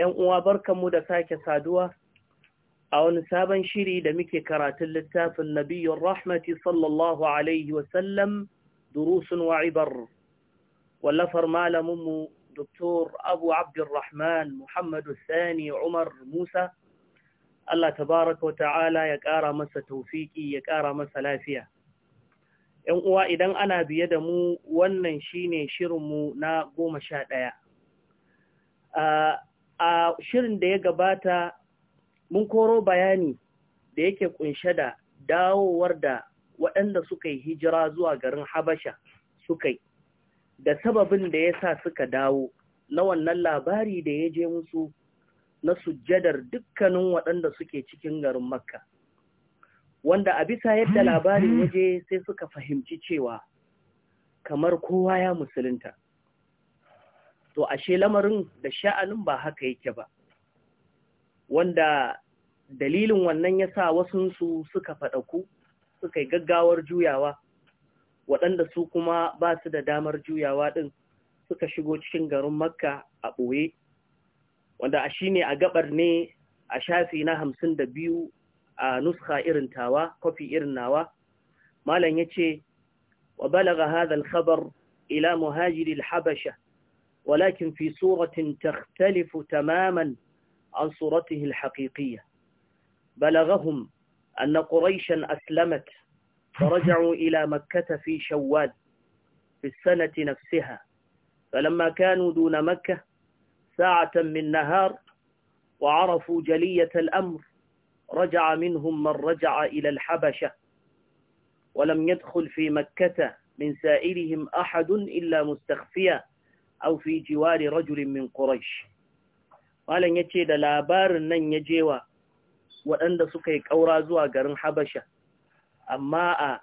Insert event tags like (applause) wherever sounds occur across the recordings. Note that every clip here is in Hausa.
‘yan uwa barkanmu da sake saduwa a wani sabon shiri da muke karatun littafin nabiyyar rahmati sallallahu Alaihi wasallam durusun wa'ibar wallafar malaminmu doktor Abu Abdurrahman Muhammadu Sani Umar Musa Allah tabaraka wa ta'ala ya ƙara masa taufiki ya ƙara masa lafiya. ‘Yan uwa idan ana biye da mu wannan shine shirinmu na goma sha ɗaya. Ah, a shirin da ya gabata mun koro bayani da yake kunshe da dawowar da waɗanda suka yi hijira zuwa garin Habasha suka yi da sababin da ya sa suka dawo na wannan labari da ya je musu na sujjadar dukkanin waɗanda suke cikin garin Makka. Wanda a bisa yadda labarin ya je sai suka fahimci cewa kamar kowa ya musulunta. to ashe lamarin da sha'anin ba haka yake ba wanda dalilin wannan ya sa wasunsu suka faɗaku suka yi gaggawar juyawa waɗanda su kuma ba su da damar juyawa ɗin suka shigo cikin garin makka a ɓoye wanda a shi ne a gabar ne a shafi na hamsin da biyu a nuska irin tawa kofi irin nawa malam ya ce wa balaga hadha al-khabar ila muhajiri habasha ولكن في صورة تختلف تماما عن صورته الحقيقية بلغهم أن قريشا أسلمت فرجعوا إلى مكة في شوال في السنة نفسها فلما كانوا دون مكة ساعة من نهار وعرفوا جلية الأمر رجع منهم من رجع إلى الحبشة ولم يدخل في مكة من سائرهم أحد إلا مستخفيا aw fi jiwari rajulin min quraish malam yace da labarin nan ya jewa waɗanda suka yi ƙaura zuwa garin habasha amma a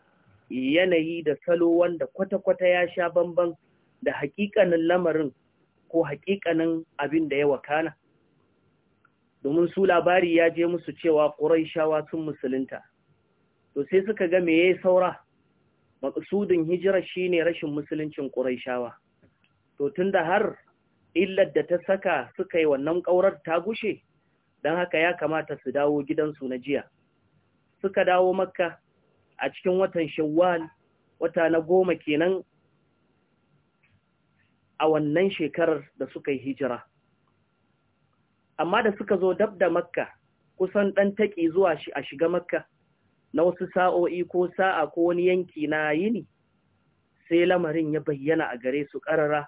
yanayi da salo wanda kwata-kwata ya sha bamban da haƙiƙanin lamarin ko haƙiƙanin abin da ya wakana domin su labari ya je musu cewa ƙuraishawa sun musulunta to sai suka ga me yayi saura maqsudin hijira shine rashin musuluncin ƙuraishawa to tun da har illar da ta saka suka yi wannan ƙaurar ta gushe don haka ya kamata su dawo gidansu na jiya suka dawo makka a cikin watan shawwal wata na goma kenan a wannan shekarar da suka yi hijira amma da suka zo dab da makka kusan ɗan taƙi zuwa a shiga makka na wasu sa'o'i ko sa'a ko wani yanki na yini sai lamarin ya bayyana a gare su ƙarara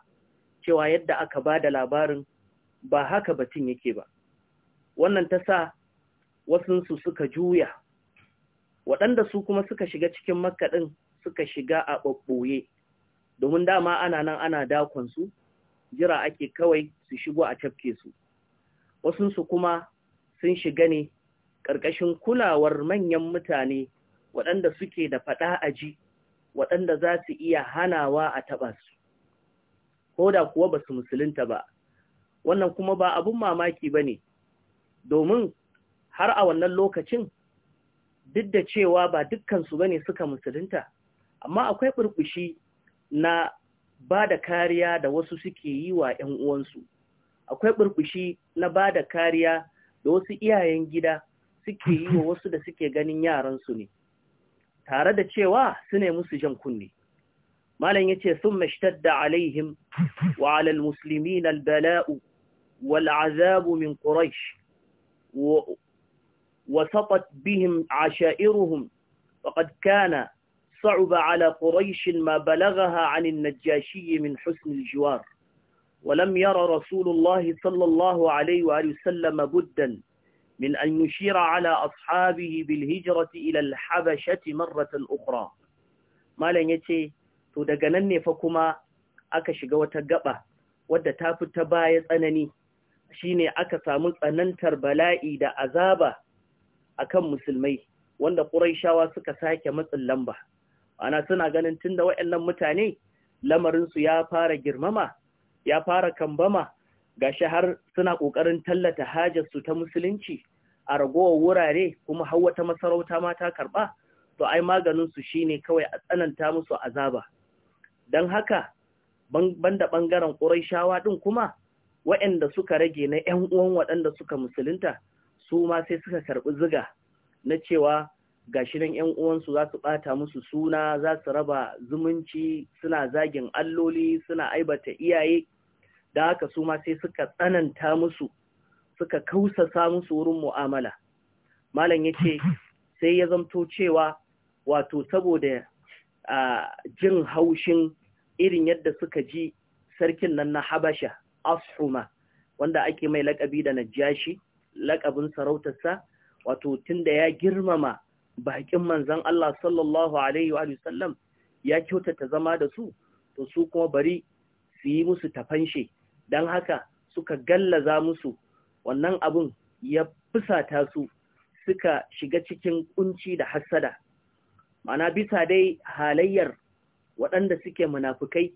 cewa yadda aka ba da labarin ba haka batun yake ba wannan ta sa wasunsu suka juya waɗanda su kuma suka shiga cikin makaɗin suka shiga a ɓaɓɓoye domin dama ana nan ana dakonsu jira ake kawai su shigo a cafke su wasunsu kuma sun shiga ne ƙarƙashin kulawar manyan mutane waɗanda suke da faɗa a ji waɗanda za su iya hanawa a taɓa su ko da kuwa ba su musulunta ba wannan kuma ba abun mamaki ba ne domin har a wannan lokacin duk da cewa ba dukkansu ba ne suka musulunta amma akwai burbushi na ba da kariya da wasu suke yi wa 'yan uwansu akwai burbushi na ba da kariya da wasu iyayen gida suke yi wa wasu da suke ganin yaransu ne tare da cewa su ne musu jan kunne ما yace ثم اشتد عليهم وعلى المسلمين البلاء والعذاب من قريش min وسطت بهم عشائرهم وقد كان صعب على قريش ما بلغها عن النجاشي من حسن الجوار ولم يرى رسول الله صلى الله عليه وآله وسلم بدا من أن يشير على أصحابه بالهجرة إلى الحبشة مرة أخرى ما لن يتي to daga nan ne fa kuma aka shiga wata gaba wadda ta fi ta baya tsanani shine aka samu tsanantar bala'i da azaba a kan musulmai wanda ƙuraishawa suka sake matsin lamba ana suna ganin tun tunda waɗannan mutane lamarinsu ya fara girmama ya fara kambama gashi har suna ƙoƙarin tallata hajarsu ta musulunci a ragowar wurare kuma har wata masarauta ma ta karɓa to ai maganinsu shine kawai a tsananta musu azaba don haka banda ɓangaren ƙuraishawa ɗin kuma waɗanda suka rage na ‘yan uwan waɗanda suka musulunta su ma sai suka karɓi ziga na cewa gashi nan ‘yan uwansu za su ɓata musu suna za su raba zumunci suna zagin alloli suna aibata iyaye da haka su ma sai suka tsananta musu suka kausasa musu wurin mu'amala malam ya ce sai ya zamto cewa wato saboda jin haushin irin yadda suka ji sarkin nan na Habasha, Ashuma, wanda ake mai laƙabi da Najashi, laƙabin sarautarsa, wato tunda ya girmama baƙin manzan Allah sallallahu Alaihi wa sallam ya kyautata zama da su, to su kuma bari su yi musu tafanshe, don haka suka gallaza musu wannan abun ya fusata su suka shiga cikin kunci da hassada. Mana bisa dai halayyar waɗanda suke munafukai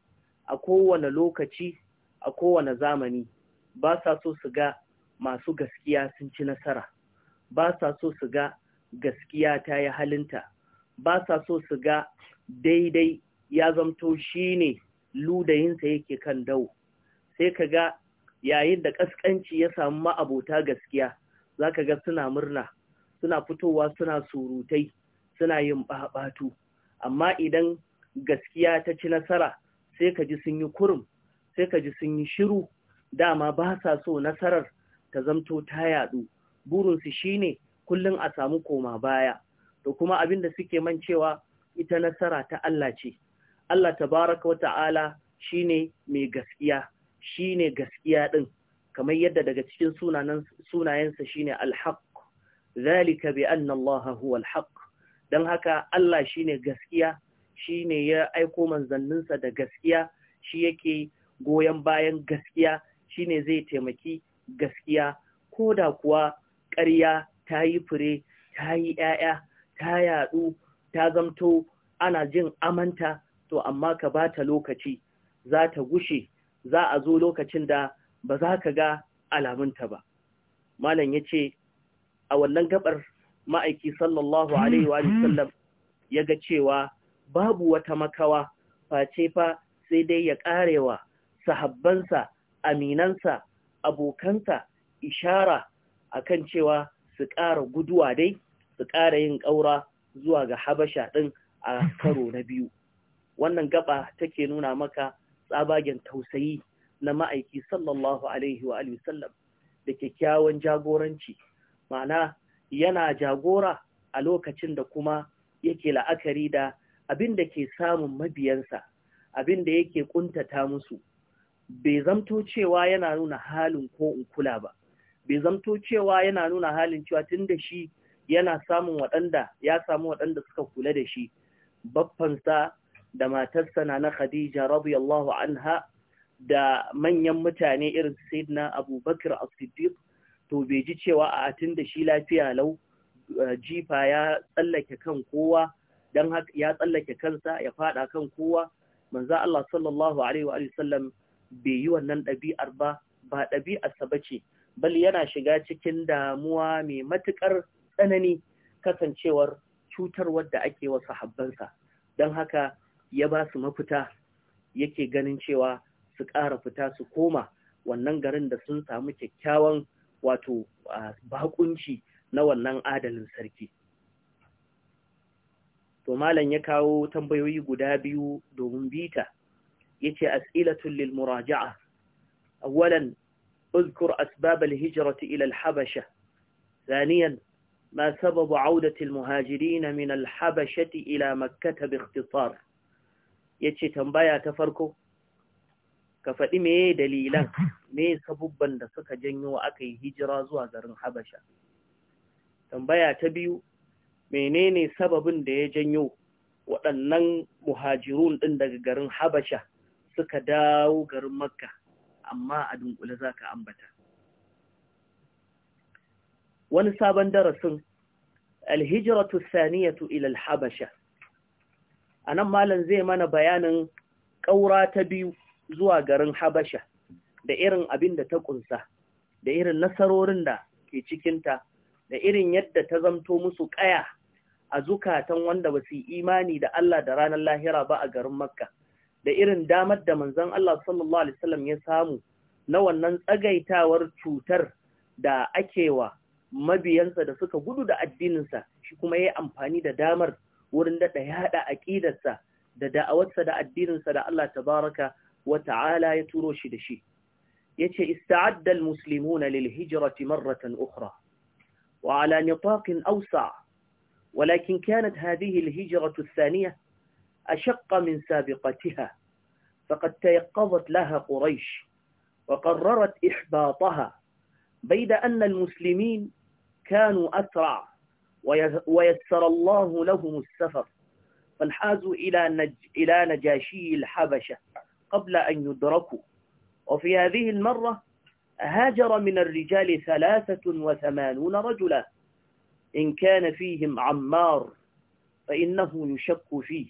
a kowane lokaci a kowane zamani ba sa so su ga masu gaskiya sun ci nasara ba sa so su ga gaskiya ta yi halinta ba sa so su ga daidai ya zamto shi ne ludayinsa yake kan dau sai ka ga yayin da ƙasƙanci ya samu ma'abota gaskiya za ka ga suna murna suna fitowa suna surutai suna yin ɓaɓatu amma idan gaskiya ta ci nasara sai ka ji sun yi kurum sai ka ji sun yi shiru dama ba sa so nasarar ta zamto ta yadu burinsu shine kullum a samu koma baya to kuma abin da suke mancewa ita nasara ta Allah ce Allah tabaraka wa ta'ala shine mai gaskiya shine gaskiya din kamar yadda daga cikin sunanan sunayensa shine al-haq zalika bi anna Allah huwa al-haq dan haka Allah shine gaskiya shi ne ya aiko manzanninsa da gaskiya shi yake goyon bayan gaskiya shi ne zai taimaki gaskiya ko da kuwa ƙarya ta yi fure ta yi ‘ya'ya ta yaɗu ta zamto ana jin amanta to amma ka ba ta lokaci za ta gushe za a zo lokacin da ba za ka ga alamunta ba malam ya ce a wannan gabar ma'aiki sallallahu alaihi wa sallam ya ga cewa babu wata makawa face fa sai dai ya karewa sahabbansa aminansa abokansa ishara akan cewa su ƙara guduwa dai su ƙara yin ƙaura zuwa ga habasha ɗin a karo na biyu wannan gaba take nuna maka tsabagen tausayi na ma'aiki sallallahu alaihi wa sallam da kyakkyawan jagoranci ma'ana yana jagora a lokacin da kuma yake la'akari da abin da ke samun mabiyansa abin da yake kuntata musu bai zamto cewa yana nuna halin ko in kula ba bai zamto cewa yana nuna halin cewa tunda shi yana samun waɗanda ya samu waɗanda suka kula da shi baffansa da matarsa na na Khadija radiyallahu anha da manyan mutane irin Sayyidina Abubakar As-Siddiq to bai ji cewa a tunda shi lafiya lau eh, jifa ya tsallake kan kowa dan haka ya tsallake kansa ya fada kan kowa manzo Allah sallallahu alaihi wa sallam bai yi wannan ɗabi'ar ba ba sa bace bal yana shiga cikin damuwa mai matukar tsanani kasancewar cutar wadda ake wa sahabbansa don haka ya ba su mafita yake ganin cewa su ƙara fita su koma wannan garin da sun samu kyakkyawan wato bakunci na wannan adalin sarki to malam ya kawo tambayoyi guda biyu domin bita yace as'ilatul lil muraja'a awwalan اذكر أسباب الهجرة إلى الحبشة ثانيا ما سبب عودة المهاجرين من الحبشة إلى مكة باختصار يتشي تنبايا تفركو كفدي مي دليلا مي سببا da suka janyo akayi hijira zuwa garin Habasha tambaya ta biyu menene sababin da ya janyo waɗannan muhajirun ɗin daga garin habasha suka dawo garin makka amma a dunkule za ka ambata wani sabon darasin alhijiratu saniyatu ilal habasha a nan malam zai mana bayanin ƙaura ta biyu zuwa garin habasha da irin abin da ta ƙunsa da irin nasarorin da ke cikinta da irin yadda ta zamto musu ƙaya a zukatan wanda ba su imani da Allah da ranar lahira ba a garin Makka, da irin damar da manzon Allah sallallahu Alaihi wasallam ya samu na wannan tsagaitawar cutar da akewa mabiyansa da suka gudu da addininsa, shi kuma ya yi amfani da damar wurin daɗa yaɗa aƙidarsa da da'awarsa da addininsa da Allah tabaraka wa ta'ala ya turo shi da shi. Yace, Ista'addal Muslimuna lil hijrati marratan ukhra. وعلى نطاق أوسع ولكن كانت هذه الهجرة الثانية أشق من سابقتها فقد تيقظت لها قريش وقررت إحباطها بيد أن المسلمين كانوا أسرع ويسر الله لهم السفر فانحازوا إلى, نج إلى نجاشي الحبشة قبل أن يدركوا وفي هذه المرة هاجر من الرجال ثلاثة وثمانون رجلا إن كان فيهم عمار فإنه يشك فيه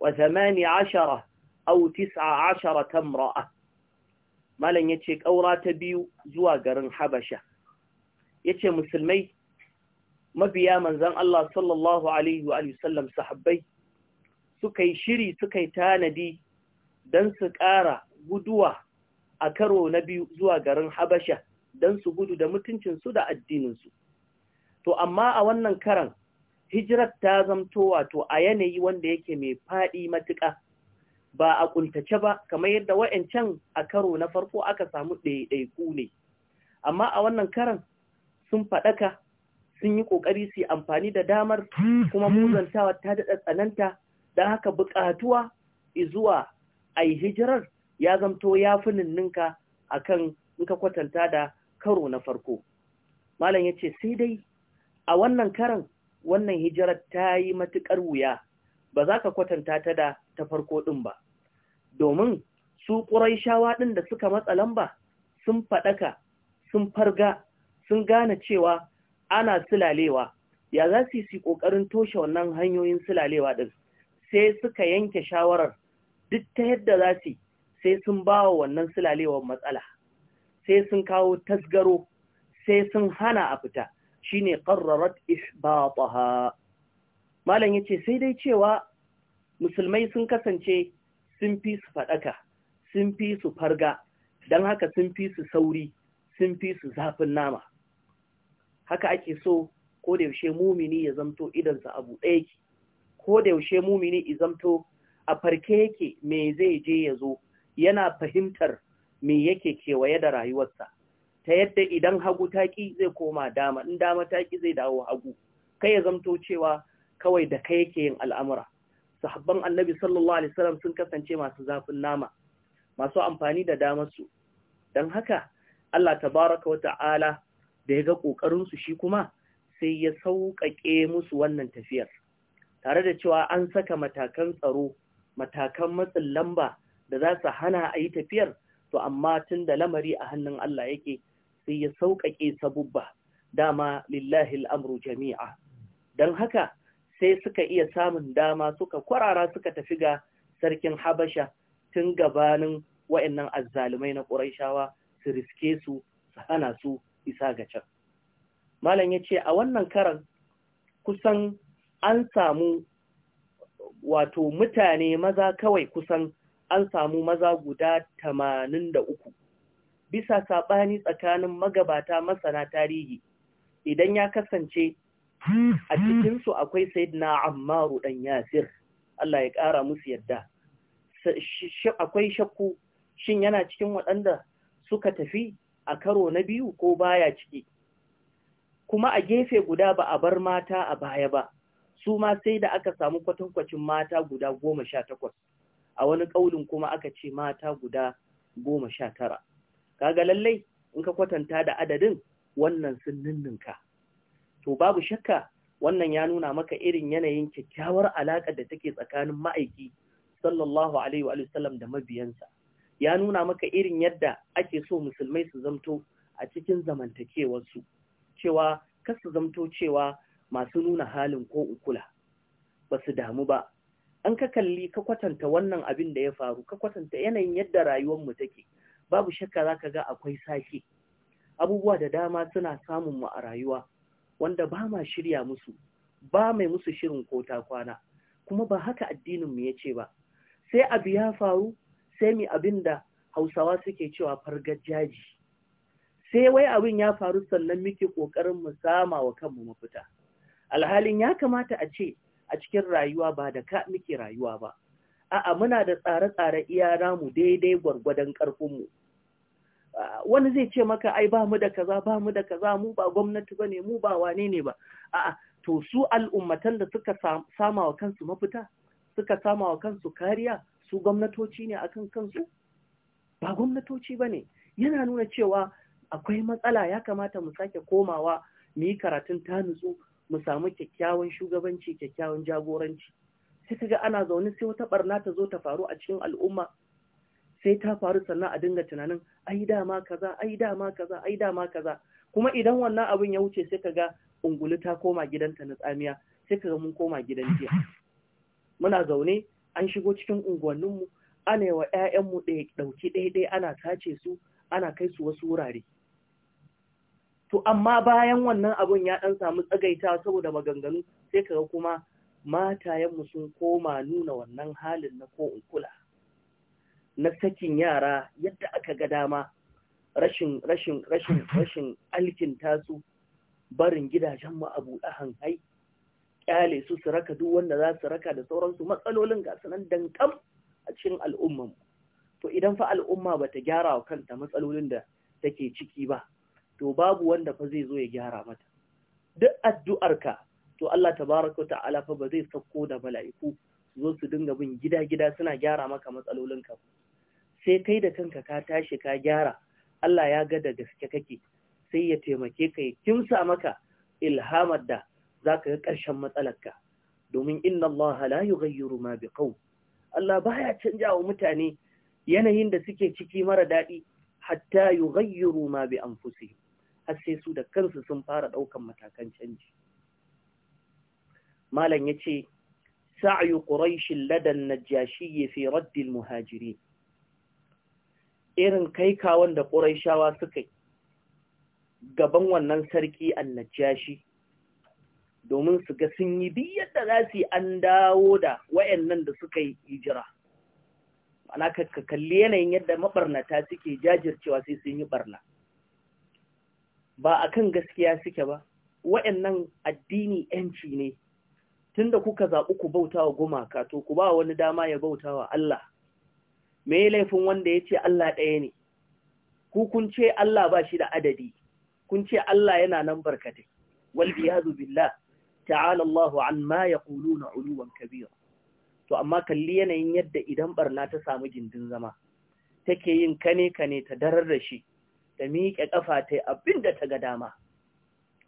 وثمان عشرة أو تسعة عشرة امرأة ما لن يتشك أو راتبيو زواجر حبشة يتشي مسلمي ما بيا Allah زن الله صلى الله عليه وآله وسلم صحبي سكي شري سكي تاندي دنسك آرة قدوة a karo na biyu zuwa garin Habasha don su gudu da mutuncinsu da addininsu. To, amma a wannan karan, hijirar ta zamto wato a yanayi wanda yake mai faɗi matuƙa, ba a ƙuntace ba, kamar yadda wa'yancan a karo na farko aka samu ɗaiɗaiku ne. Amma a wannan karan sun faɗaka, sun yi ƙoƙari su amfani da damar kuma muzantawa ta daɗa tsananta, don haka buƙatuwa izuwa a yi hijirar ya zamto ya fi ninninka a kan in ka kwatanta da karo na farko malam ya ce sai dai a wannan karan wannan hijirar ta yi matuƙar wuya ba za ka kwatanta ta da ta farko ɗin ba domin su ƙurai shawa ɗin da suka matsa lamba sun faɗaka sun farga sun gane cewa ana silalewa ya za su yi ƙoƙarin toshe wannan hanyoyin silalewa ɗin sai suka yanke shawarar duk ta yadda za su sai sun ba wa wannan sulalewar matsala sai sun kawo tasgaro sai sun hana a fita shine qarrarat ihbataha malam yace sai dai cewa musulmai sun kasance sun fi su fadaka sun fi su farga dan haka sun fi su sauri sun fi su zafin nama haka ake so ko da yaushe mumini ya zamto idansa abu ɗaya ke, ko da yaushe mumini ya zamto a farke yake me zai je ya zo yana fahimtar me yake kewaye da rayuwarsa ta yadda idan hagu taƙi zai koma dama in dama taƙi zai dawo hagu kai ya zamto cewa kawai da kai yake yin al'amura sahabban annabi sallallahu alaihi wasallam sun kasance masu zafin nama masu amfani da damar su don haka Allah tabaraka wa ta'ala da ya ga su shi kuma sai ya sauƙaƙe musu wannan tafiyar tare da cewa an saka matakan tsaro matakan matsin lamba da za su hana a yi tafiyar to amma tun da lamari a hannun Allah yake sai ya sauƙaƙe sabubba dama lillahi al'amru jami'a don haka sai suka iya samun dama suka kwarara suka tafi ga sarkin habasha tun gabanin wa'yannan azzalumai na ƙuraishawa su riske su su hana su isa ga can malam ya ce a wannan karan kusan an samu wato mutane maza kawai kusan an samu maza guda tamanin da uku. bisa saɓani tsakanin magabata masana tarihi idan ya kasance a cikinsu akwai sayyidina ammaru ɗan yasir Allah ya ƙara musu yadda akwai shakku shin yana cikin waɗanda suka tafi a karo na biyu ko baya ciki kuma a gefe guda ba a bar mata a baya ba su ma sai da aka samu kwatankwacin mata guda goma sha takwas a wani ƙaulin kuma aka ce mata guda goma sha tara kaga lallai in ka kwatanta da adadin wannan sun ninninka to babu shakka wannan ya nuna maka irin yanayin kyakkyawar alaƙar da take tsakanin ma'aiki sallallahu alaihi wa sallam da mabiyansa ya nuna maka irin yadda ake so musulmai su zamto a cikin zamantakewarsu cewa kar su zamto cewa masu nuna halin ko ukula ba su damu ba an ka kalli ka kwatanta wannan abin da ya faru ka kwatanta yanayin yadda rayuwarmu take babu shakka za ka ga akwai sake abubuwa da dama suna samun mu a rayuwa wanda ba ma shirya musu ba mai musu shirin ko ta kwana kuma ba haka mu ya ce ba sai abu ya faru sai mi abin da hausawa suke cewa fargajaji sai wai abin ya faru sannan muke ƙoƙarin mu sama wa kanmu mafita alhalin ya kamata a ce a cikin rayuwa ba da ka muke rayuwa ba a'a muna da tsare-tsare iya mu daidai gwargwadon ƙarfinmu wani zai ce maka ai ba mu da kaza ba mu da kaza mu ba gwamnati ba ne mu ba wane ne ba a'a to su al'ummatan da suka sama wa kansu mafita suka sama wa kansu kariya su gwamnatoci ne akan kansu ba gwamnatoci ba ne yana nuna cewa akwai matsala ya kamata mu sake komawa mu yi karatun ta nutsu mu samu kyakkyawan shugabanci kyakkyawan jagoranci sai kaga ana zaune sai wata barna ta zo ta faru a cikin al'umma sai ta faru sannan a dinga tunanin ai dama kaza ai dama kaza ai dama kaza kuma idan wannan abin ya wuce sai kaga ungulu ta koma gidanta na tsamiya sai kaga mun koma gidan jiya muna zaune an shigo cikin unguwanninmu ana yi wa 'ya'yanmu ɗaya ɗauki ɗaya ɗaya ana tace su ana kai su wasu wurare to amma bayan wannan abun ya ɗan samu tsagaita saboda maganganu sai kaga kuma matayenmu sun koma nuna wannan halin na ko in kula na sakin yara yadda aka ga dama rashin rashin rashin (laughs) rashin alkin tasu barin gidajenmu a buɗe hankali kyale su su raka duk wanda za su raka da sauransu matsalolin ga sanan dankam a cikin al'umma to idan fa al'umma bata gyara wa kanta matsalolin da take ciki ba to babu wanda fa zai zo ya gyara mata duk addu'arka to Allah tabaraka ta'ala fa ba zai sako da mala'iku su zo su dinga bin gida-gida suna gyara maka matsalolinka sai kai da kanka ka tashi ka gyara Allah ya ga da gaske kake sai ya taimake ka ya kimsa maka ilhamar da zaka ga ƙarshen matsalarka domin inna Allah la yughayyiru ma biqaw Allah baya canja wa mutane yanayin da suke ciki mara daɗi hatta yughayyiru ma bi anfusihim har sai su da kansu sun fara ɗaukan matakan canji malam ya ce sa'ayu ƙuraishin ladan najashi ya fi raddin muhajiri irin kai kawon da ƙuraishawa suka gaban wannan sarki an najashi domin su ga sun yi biyar da za su yi an dawo da wayannan da suka yi hijira ana ka kalli yanayin yadda mabarnata suke jajircewa sai sun yi barna ba a kan gaskiya suke ba Waɗannan addini yanci ne tunda kuka zaɓi ku bauta wa gumaka to ku ba wani dama ya bauta wa Allah me laifin wanda ya ce Allah ɗaya ne ku kun ce Allah ba shi da adadi kun ce Allah yana nan barkatai wal biyazu billah ta'ala Allah an ma na uluwan kabira to amma kalli yanayin yadda idan ɓarna ta samu gindin zama take yin kane kane ta darar da shi ta miƙe ƙafa ta yi abin da ta ga dama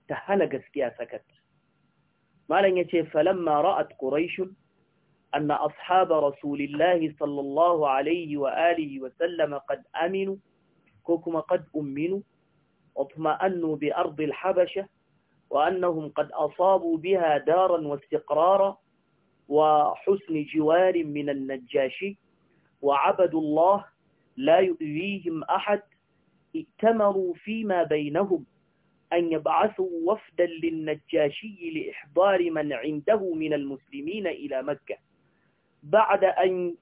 ta hana gaskiya sakat malam ya ce falamma ra'at quraishun anna ashaba rasulillahi sallallahu alaihi wa alihi wa sallama qad aminu ko kuma qad umminu wa kuma annu bi habasha, اطمأنوا بأرض الحبشة وأنهم قد أصابوا wa دارا واستقرارا وحسن جوار من النجاشي وعبدوا الله la يؤذيهم ahad ائتمروا فيما بينهم أن يبعثوا وفدا للنجاشي لإحضار من عنده من المسلمين إلى مكة بعد أن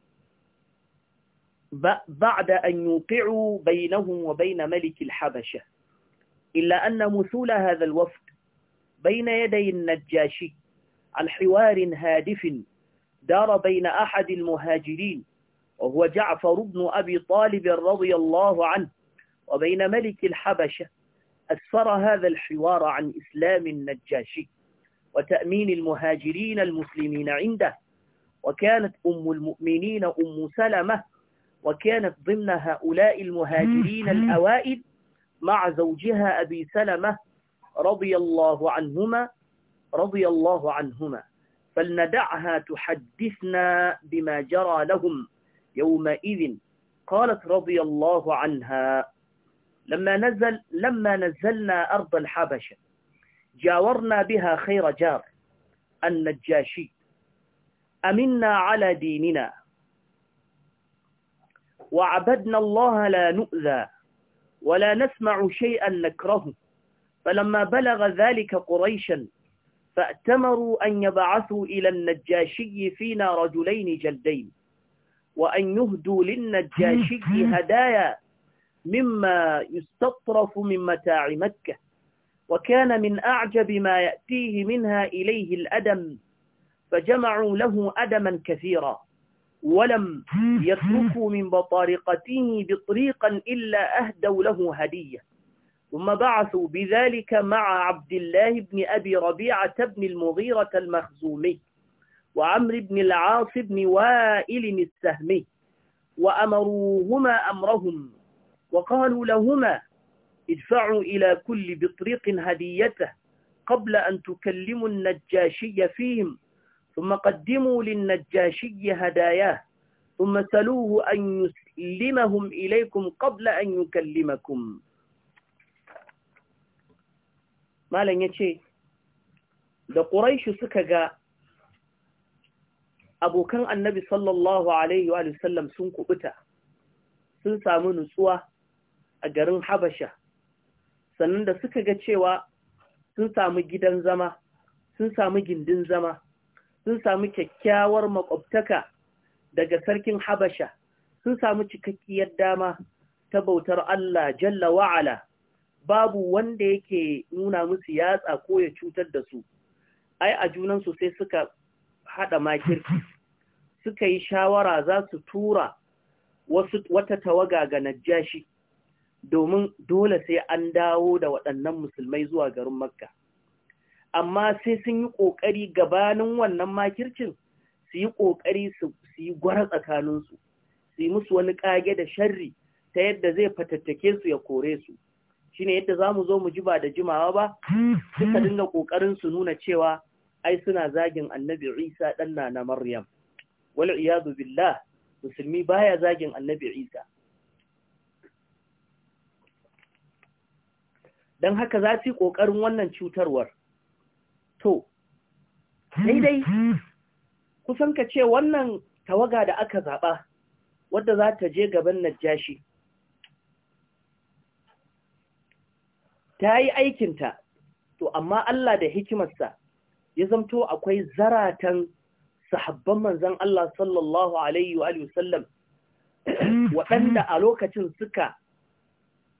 بعد أن يوقعوا بينهم وبين ملك الحبشة إلا أن مثول هذا الوفد بين يدي النجاشي عن حوار هادف دار بين أحد المهاجرين وهو جعفر بن أبي طالب رضي الله عنه وبين ملك الحبشة أسفر هذا الحوار عن إسلام النجاشي وتأمين المهاجرين المسلمين عنده وكانت أم المؤمنين أم سلمة وكانت ضمن هؤلاء المهاجرين الأوائل مع زوجها أبي سلمة رضي الله عنهما رضي الله عنهما فلندعها تحدثنا بما جرى لهم يومئذ قالت رضي الله عنها لما نزل لما نزلنا أرض الحبشة جاورنا بها خير جار النجاشي أمنا على ديننا وعبدنا الله لا نؤذى ولا نسمع شيئا نكرهه فلما بلغ ذلك قريشا فأتمروا أن يبعثوا إلى النجاشي فينا رجلين جلدين وأن يهدوا للنجاشي (laughs) هدايا مما يستطرف من متاع مكة وكان من أعجب ما يأتيه منها إليه الأدم فجمعوا له أدما كثيرا ولم يتركوا من بطارقته بطريقا إلا أهدوا له هدية ثم بعثوا بذلك مع عبد الله بن أبي ربيعة بن المغيرة المخزومي وعمر بن العاص بن وائل السهمي وأمروهما أمرهم وقالوا لهما ادفعوا إلى كل بطريق هديته قبل أن تكلموا النجاشي فيهم ثم قدموا للنجاشي هداياه ثم سلوه أن يسلمهم إليكم قبل أن يكلمكم ما لن يتشي لقريش سكك أبو كان النبي صلى الله عليه وآله وسلم سنك kubuta سنسى samu nutsuwa a garin Habasha, sannan da suka ga cewa sun samu gidan zama, sun samu gindin zama, sun samu kyakkyawar makwabtaka daga sarkin Habasha, sun samu cikakkiyar dama ta bautar Allah jalla wa'ala, babu wanda yake nuna musu yatsa ko ya cutar da su, ai a junansu sai suka haɗa makirki, suka yi shawara za su tura wata tawaga ga Najjashi. domin dole sai an dawo da waɗannan musulmai zuwa garin makka amma sai sun yi ƙoƙari gabanin wannan makircin su yi ƙoƙari su yi gwara tsakaninsu su yi musu wani ƙage da sharri ta yadda zai fatattake su ya kore su Shi ne yadda za mu zo mu ji ba da jimawa ba suka dinga ƙoƙarin su nuna cewa ai suna zagin annabi isa ɗan na maryam wal iyadu billah musulmi baya zagin annabi isa don haka za su yi ƙoƙarin wannan cutarwar to sai dai kusan ka ce wannan tawaga da aka zaɓa wadda za ta je gaban najashi ta yi aikinta to amma Allah da hikimarsa ya zamto akwai zaratan sahabban manzan Allah sallallahu Alaihi wasallam waɗanda a lokacin suka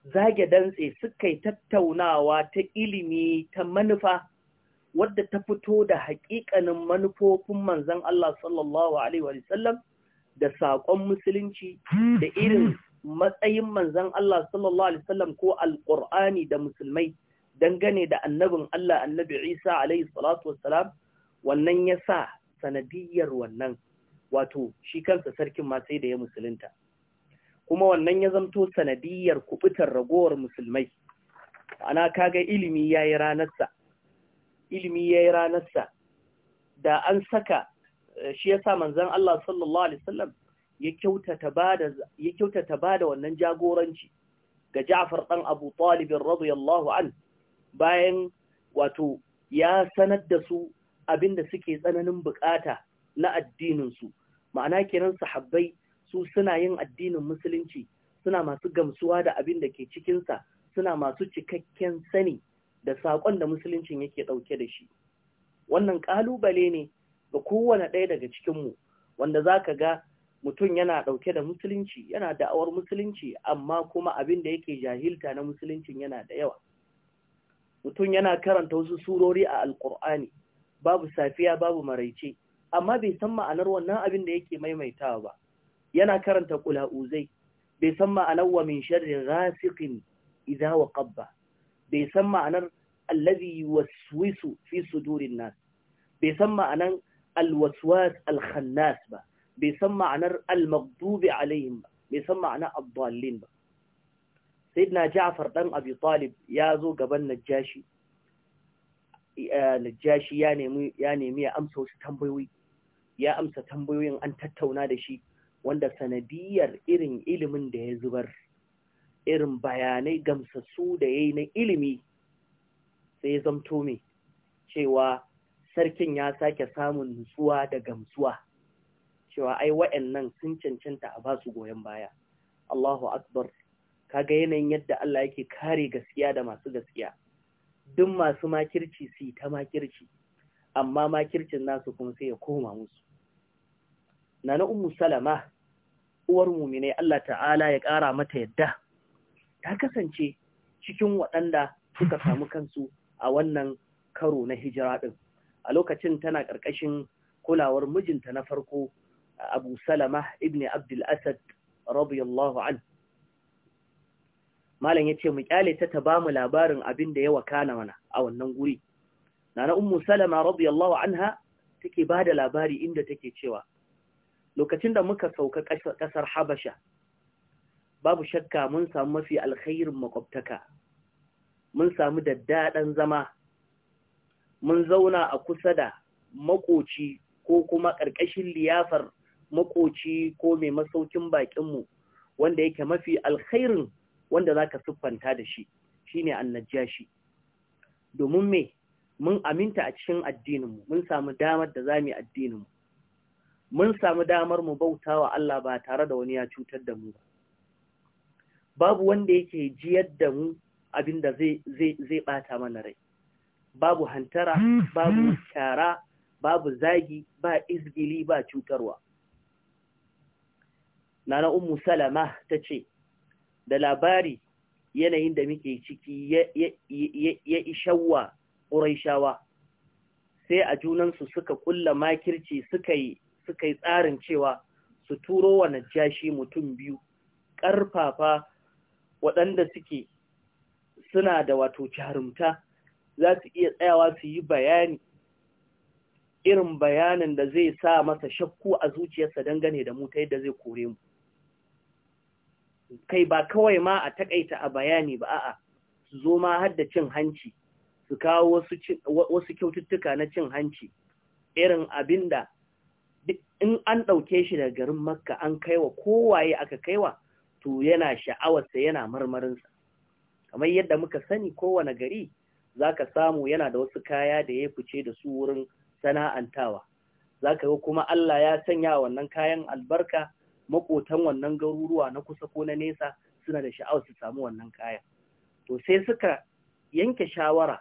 zage dantse suka yi tattaunawa ta ilimi ta manufa wadda ta fito da haƙiƙanin manufofin manzan Allah sallallahu Alaihi wasallam da saƙon musulunci da irin matsayin manzan Allah sallallahu Alaihi wasallam ko alƙur'ani da musulmai dangane da annabin Allah annabi Isa Alaihi salatu wasalam wannan ya sa sanadiyyar wannan wato shi kansa sarkin ma sai da ya musulunta. kuma wannan ya zamto sanadiyar kubutar ragowar musulmai ana kaga ilimi yayi ranarsa ilimi yayi ranarsa da an saka eh, shi yasa manzon Allah sallallahu alaihi wasallam ya kyautata bada ya kyautata bada wannan jagoranci ga ja'afar ɗan Abu Talib radiyallahu an bayan wato ya sanar da su abinda suke tsananin bukata na addinin su ma'ana kenan sahabbai su suna yin addinin musulunci suna masu gamsuwa da abin da ke cikinsa suna masu cikakken sani da saƙon da musuluncin yake ɗauke da shi wannan ƙalubale ne ga kowane ɗaya daga cikinmu wanda za ka ga mutum yana ɗauke da musulunci yana da'awar musulunci amma kuma abin da yake jahilta na musuluncin yana da yawa mutum yana karanta wasu surori a alƙur'ani babu safiya babu maraice amma bai san ma'anar wannan abin da yake maimaitawa ba yana karanta kula'uzai bai san ma'anar wa min sharri ra'sikin idza wa ba bai san ma'anar allazi waswisu fi sudurin nas bai san ma'anar alwaswas alkhannas ba bai san ma'anar almaghdubi alaihim ba bai san ma'anar abdallin ba sayyidina ja'far dan abi talib ya zo gaban najashi najashi ya nemi ya nemi ya amsa wasu tambayoyi ya amsa tambayoyin an tattauna da shi wanda sanadiyar irin ilimin da ya zubar irin bayanai gamsassu da ya na ilimi sai zamto mai cewa sarkin ya sake samun nutsuwa da gamsuwa cewa ai wa'annan sun cancanta a basu goyon baya Allahu akbar ga yanayin yadda Allah yake kare gaskiya da masu gaskiya duk masu makirci su ta makirci amma makircin nasu kuma sai ya koma musu nana ummu salama uwar muminai Allah ta'ala ya ƙara mata yadda ta kasance cikin waɗanda suka samu kansu a wannan karo na hijira ɗin a lokacin tana ƙarƙashin kulawar mijinta na farko abu salama ibn abdul asad radiyallahu an malam ya ce mu kyale ta ta ba mu labarin abin da ya wakana mana a wannan guri nana ummu salama radiyallahu anha take ba da labari inda take cewa lokacin da muka sauka ƙasar habasha babu shakka mun samu mafi alkhairin makwabtaka mun samu daddaɗan zama mun zauna a kusa da makoci ko kuma ƙarƙashin liyafar makoci ko mai masaukin baƙinmu wanda yake mafi alkhairin wanda za ka siffanta da shi shine annajashi domin me mun aminta a cikin addininmu mun samu damar da za mu yi addininmu mun samu damar mu bauta wa Allah ba tare da wani ya cutar da mu ba. Babu wanda yake jiyar da mu abin da zai ɓata mana rai. Babu hantara, babu shara, babu zagi, ba izgili, ba cutarwa. Nana Ummu Salama ta ce, da labari yanayin da muke ciki ya ishawa ƙuraishawa, sai a junansu suka kulla makirci suka yi suka yi tsarin cewa su turo wa najashi mutum biyu ƙarfafa waɗanda suke suna da wato jarumta za su iya tsayawa su yi bayani irin bayanin da zai sa masa shakku a zuciyarsa dangane da mu ta yadda zai kore mu kai ba kawai ma a takaita a bayani ba a'a su zo ma har da cin hanci su kawo wasu kyaututtuka na cin hanci irin abinda in an ɗauke shi daga garin makka an kaiwa kowaye aka kaiwa to yana sha'awarsa yana marmarinsa kamar yadda muka sani kowane gari zaka samu yana da wasu kaya da ya fice da su wurin sana'antawa zaka ga kuma Allah ya sanya wannan kayan albarka makotan wannan garuruwa na kusa ko na nesa suna da sha'awar su samu wannan kaya to sai suka yanke shawara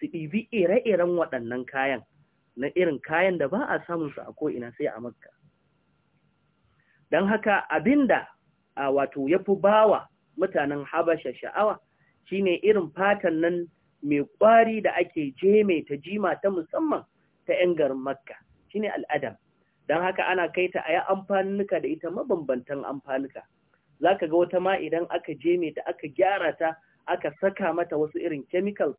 su ɗibi ire-iren waɗannan kayan na irin kayan da ba a samun su a ko'ina sai a makka don haka abinda a wato ya fi bawa mutanen habasha sha'awa shine irin fatan nan mai kwari da ake jeme ta jima ta musamman ta 'yan garin makka shine al'adam don haka ana kai ta a yi amfanuka da ita mabambantan amfanuka za ka ga wata ma idan aka jeme ta aka gyara ta aka saka mata wasu irin chemicals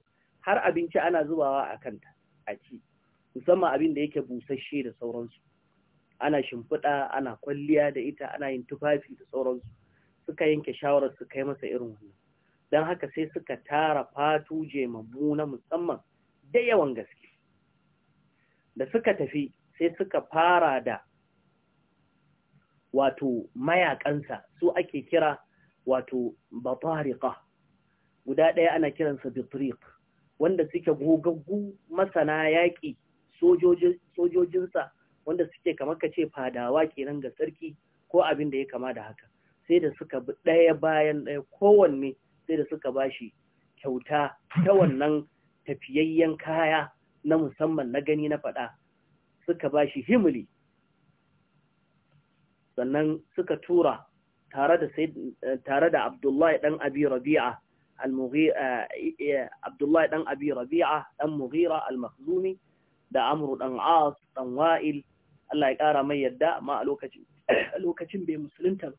har abinci ana zubawa a kanta a ci musamman abin da yake busasshe da sauransu ana shimfiɗa ana kwalliya da ita ana yin tufafi da sauransu suka yanke shawarar su kai masa irin wannan don haka sai suka tara fatu jemammu na musamman da yawan gaske da suka tafi sai suka fara da wato mayakansa su ake kira wato batariqa guda ɗaya ana kiransa bitriq wanda suke gogaggu masana yaƙi sojojinsa wanda suke kamar ka ce fadawa kenan ga sarki ko abin da ya kama da haka sai da suka bi ɗaya bayan ɗaya kowanne sai da suka ba shi kyauta ta wannan tafiyayyen kaya na musamman na gani na faɗa suka ba shi himili sannan suka tura tare da abdullahi ɗan abi rabi'a eh, eh, abdullahi ɗan abi rabi'a ɗan mughira al-makhzumi da amru dan as dan wa'il Allah ya kara mai yadda amma a lokacin lokacin bai musulunta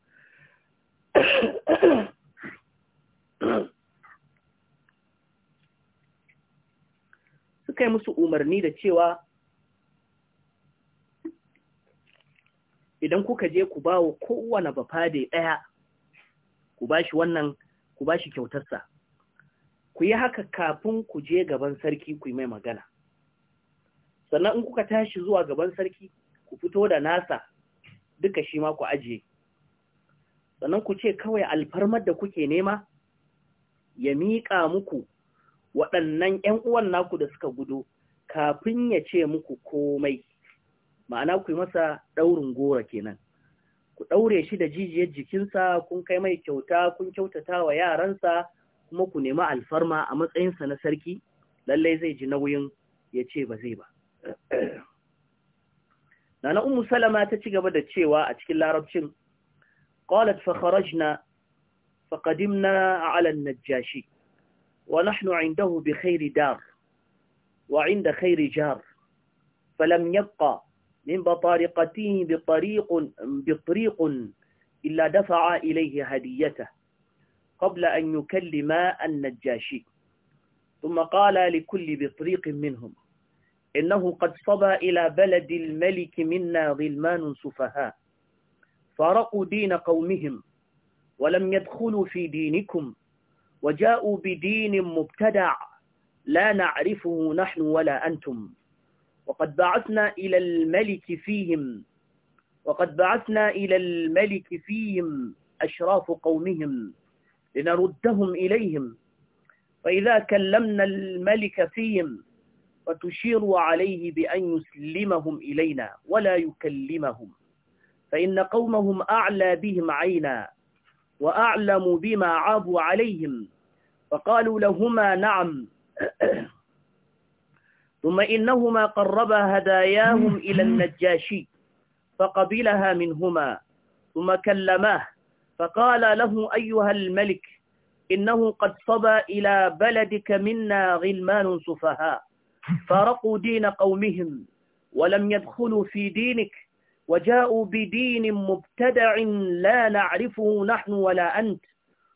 suka yi musu umarni da cewa idan kuka je ku bawo wa kowane bafade ɗaya ku bashi wannan ku ba kyautarsa ku yi haka kafin ku je gaban sarki ku yi mai magana sannan in kuka tashi zuwa gaban sarki ku fito da nasa duka shi ma ku ajiye sannan ku ce kawai alfarmar da kuke nema ya miƙa muku waɗannan ‘yan uwan naku da suka gudo kafin ya ce muku komai ma'ana ku yi masa ɗaurin gora kenan ku ɗaure shi da jijiyar jikinsa kun kai mai kyauta kun kyautata wa yaransa kuma ku nemi alfarma a matsayinsa na sarki lallai zai ji nauyin ya ce ba zai ba Nana Ummu Salama ta ci gaba da cewa a cikin larabcin, Qalat fa kharajna fa qadimna ala najashi wa nahnu indahu bi khairi dar wa inda khairi jar falam yabqa min batariqatihi bi tariqun bi tariqun illa dafa'a ilayhi hadiyatahu qabla an yukallima an-najashi ثم قال لكل بطريق منهم إنه قد صبى إلى بلد الملك منا غلمان سفهاء فارقوا دين قومهم ولم يدخلوا في دينكم وجاءوا بدين مبتدع لا نعرفه نحن ولا أنتم وقد بعثنا إلى الملك فيهم وقد بعثنا إلى الملك فيهم أشراف قومهم لنردهم إليهم فإذا كلمنا الملك فيهم فتشير عليه بأن يسلمهم إلينا ولا يكلمهم فإن قومهم أعلى بهم عينا وأعلم بما عابوا عليهم فقالوا لهما نعم (clears throat) ثم إنهما قربا هداياهم إلى النجاشي فقبلها منهما ثم كلماه فقال له أيها الملك إنه قد صبى إلى بلدك منا غلمان سفهاء فارقوا دين قومهم ولم يدخلوا في دينك وجاءوا بدين مبتدع لا نعرفه نحن ولا أنت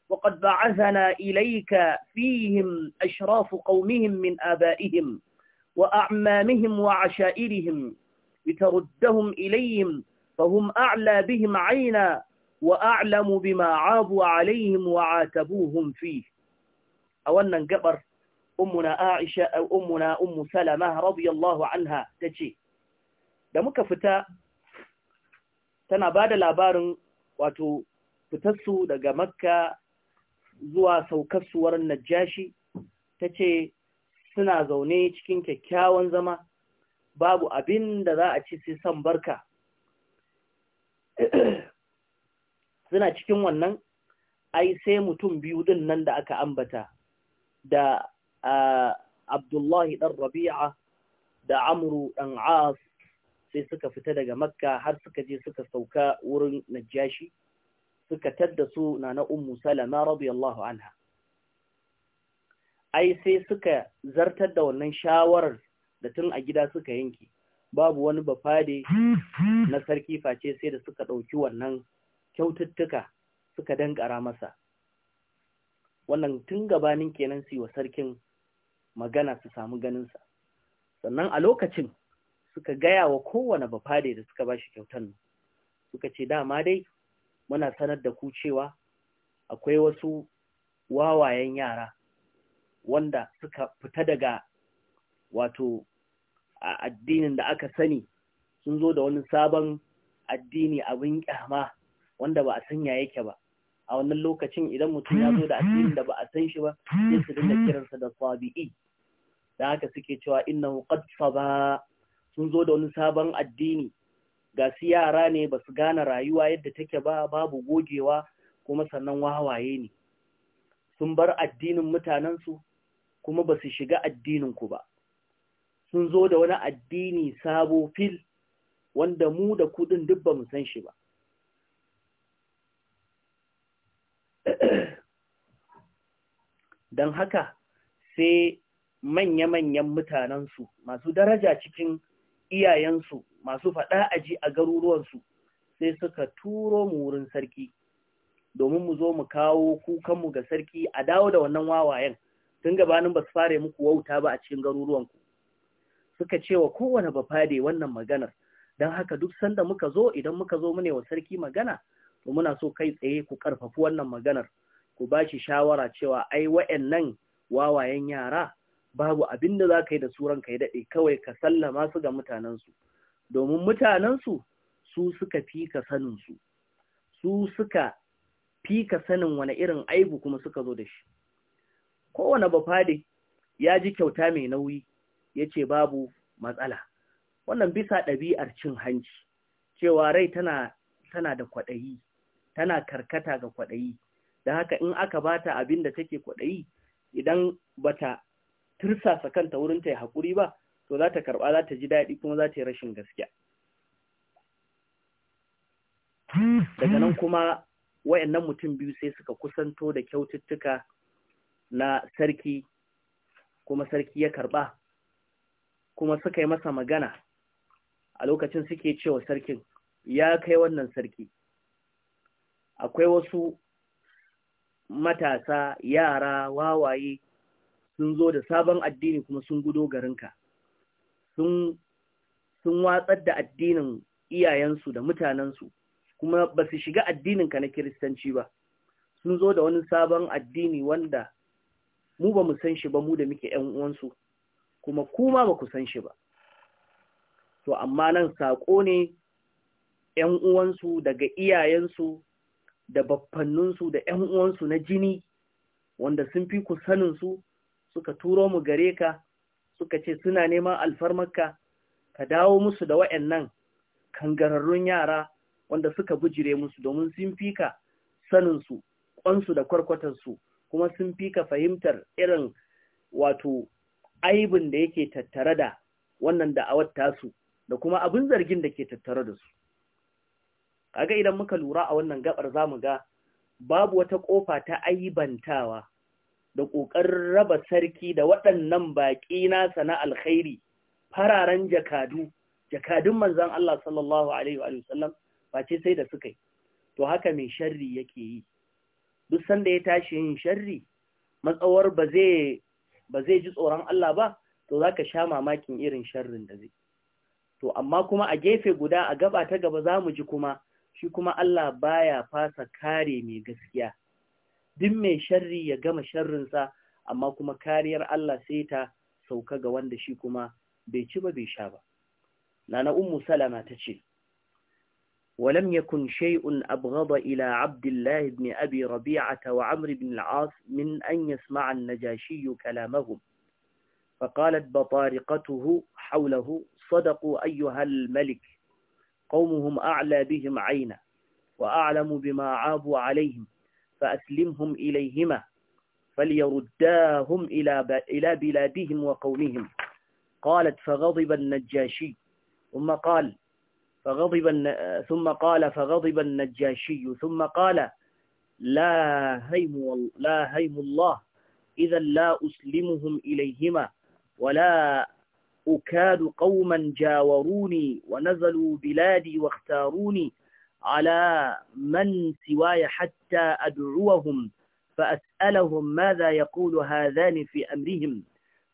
وقد بعثنا إليك فيهم أشراف قومهم من آبائهم وأعمامهم وعشائرهم لتردهم إليهم فهم أعلى بهم عينا وأعلم بما عابوا عليهم وعاتبوهم فيه أولا قبر ummuna Aisha eh, ummuna ummu Salama radiyallahu anha tace da muka fita tana bada labarin wato fitarsu daga Makka zuwa saukarsuwar Najashi tace suna zaune cikin kyakkyawan zama babu abin da za a ci sai san barka (clears throat) suna cikin wannan ai sai mutum biyu din nan da aka ambata da Abdullahi ɗan Rabi'a da Amru ɗan As sai suka fita daga Makka har suka je suka sauka wurin Najashi suka tadda su na na Ummu Salama radiyallahu anha. Ai sai suka zartar da wannan shawarar da tun a gida suka yanki, Babu wani bafade na sarki face sai da suka ɗauki wannan kyaututtuka suka dankara masa. Wannan tun gabanin kenan siwa sarkin magana su samu ganinsa sannan a lokacin suka gaya wa kowane bafade da suka ba shi kyautan suka ce dama dai muna sanar da ku cewa akwai wasu wawayen yara wanda suka fita daga wato a addinin da aka sani sun zo da wani sabon addini abin kyama wanda ba a sanya yake ba a wannan lokacin idan mutum ya zo da addinin da ba a san shi ba sai su dinga kiransa da sabi'i da haka suke cewa inna qad saba sun zo da wani sabon addini ga su yara ne ba su gane rayuwa yadda take ba babu gogewa kuma sannan wawaye ne sun bar addinin mutanensu kuma ba su shiga addininku ba sun zo da wani addini sabo fil wanda mu da kudin duk ba mu san shi ba (clears throat) don haka sai manya-manyan mutanensu masu daraja cikin iyayensu masu faɗa aji a garuruwansu sai suka turo mu wurin sarki domin mu zo mu kawo kukanmu ga sarki a dawo da wannan wawayen tun gabanin ba su fare muku wauta ba a cikin garuruwanku suka ce wa kowane fade wannan maganar don haka duk sanda muka zo idan muka zo mune wa sarki magana to muna so kai tsaye ku karfafi wannan maganar ku ba shi shawara cewa ai wa'annan wawayen yara babu abin da za ka yi da suran ka yi daɗe kawai ka sallama su ga mutanensu domin mutanensu su suka fi ka saninsu su suka fi ka sanin wani irin aibu kuma suka zo da shi kowane bafade ya ji kyauta mai nauyi ya ce babu matsala wannan bisa ɗabi'ar cin hanci cewa rai tana tana da kwaɗayi tana karkata ga kwaɗayi da haka in aka bata abin da take kwaɗayi idan bata tursasa kanta wurin ta yi haƙuri ba to za ta karɓa za ta ji daɗi kuma za ta yi rashin gaskiya daga nan kuma wayannan mutum biyu sai suka kusanto da kyaututtuka na sarki kuma sarki ya karɓa kuma suka yi masa magana a lokacin suke cewa sarkin ya kai wannan sarki akwai wasu matasa yara wawaye sun zo da sabon addini kuma sun gudo garinka sun sun watsar da addinin iyayensu da mutanensu kuma ba su shiga addininka na kiristanci ba sun zo da wani sabon addini wanda mu ba mu san shi ba mu da muke ƴan uwansu kuma kuma ba ku san shi ba to amma nan saƙo ne ‘yan uwansu daga iyayensu da baffanninsu da ‘yan uwansu na jini wanda sun fi ku saninsu suka turo mu gare ka suka ce suna neman alfarmarka ka dawo musu da wa'annan kangararrun yara wanda suka bujire musu domin sun fika saninsu ƙwansu, da kwarkwatarsu kuma sun fika fahimtar irin wato aibin da yake tattare da wannan da'awar su da kuma abin zargin da ke tattare da su kaga idan muka lura a wannan gabar zamu ga babu wata ƙofa ta aibantawa da ƙoƙarin raba sarki da waɗannan baƙi nasa na alkhairi fararen jakadu jakadun manzan Allah sallallahu alaihi wa sallam ce sai da suka yi to haka mai sharri yake yi duk sanda ya tashi yin sharri matsawar ba zai ji tsoron Allah ba to za ka sha mamakin irin sharrin da zai to amma kuma a gefe guda a gaba ta gaba za mu ji kuma shi kuma Allah baya fasa kare mai gaskiya duk mai sharri ya gama sa amma kuma kariyar Allah sai ta sauka ga wanda shi kuma bai ci ba bai sha ba nana ummu salama tace ولم يكن شيء أبغض إلى عبد الله بن أبي ربيعة وعمر بن العاص من أن يسمع النجاشي كلامهم فقالت بطارقته حوله صدقوا أيها الملك قومهم أعلى بهم عينا وأعلم بما عابوا عليهم فأسلمهم إليهما فليرداهم إلى بلادهم وقومهم قالت فغضب النجاشي ثم قال فغضب ثم قال فغضب النجاشي ثم قال لا هيم لا هيم الله إذا لا أسلمهم إليهما ولا أكاد قوما جاوروني ونزلوا بلادي واختاروني على من سواي حتى أدعوهم فأسألهم ماذا يقول هذان في أمرهم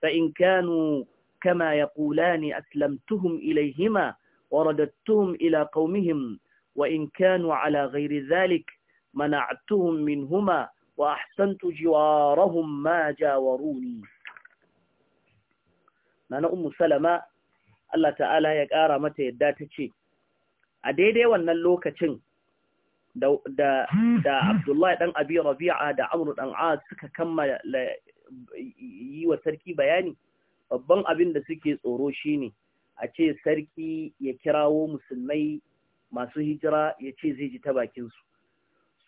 فإن كانوا كما يقولان أسلمتهم إليهما ورددتهم إلى قومهم وإن كانوا على غير ذلك منعتهم منهما وأحسنت جوارهم ما جاوروني معنى أم سلمة الله تعالى يقارى متى يداتك a daidai wannan lokacin da hmm. Abdullahi ɗan Abi Rabi'a da amru ɗan As suka kammala yi wa sarki bayani babban abin da suke tsoro shine a ce sarki ya kirawo musulmai masu hijira ya ce zai ji ta bakinsu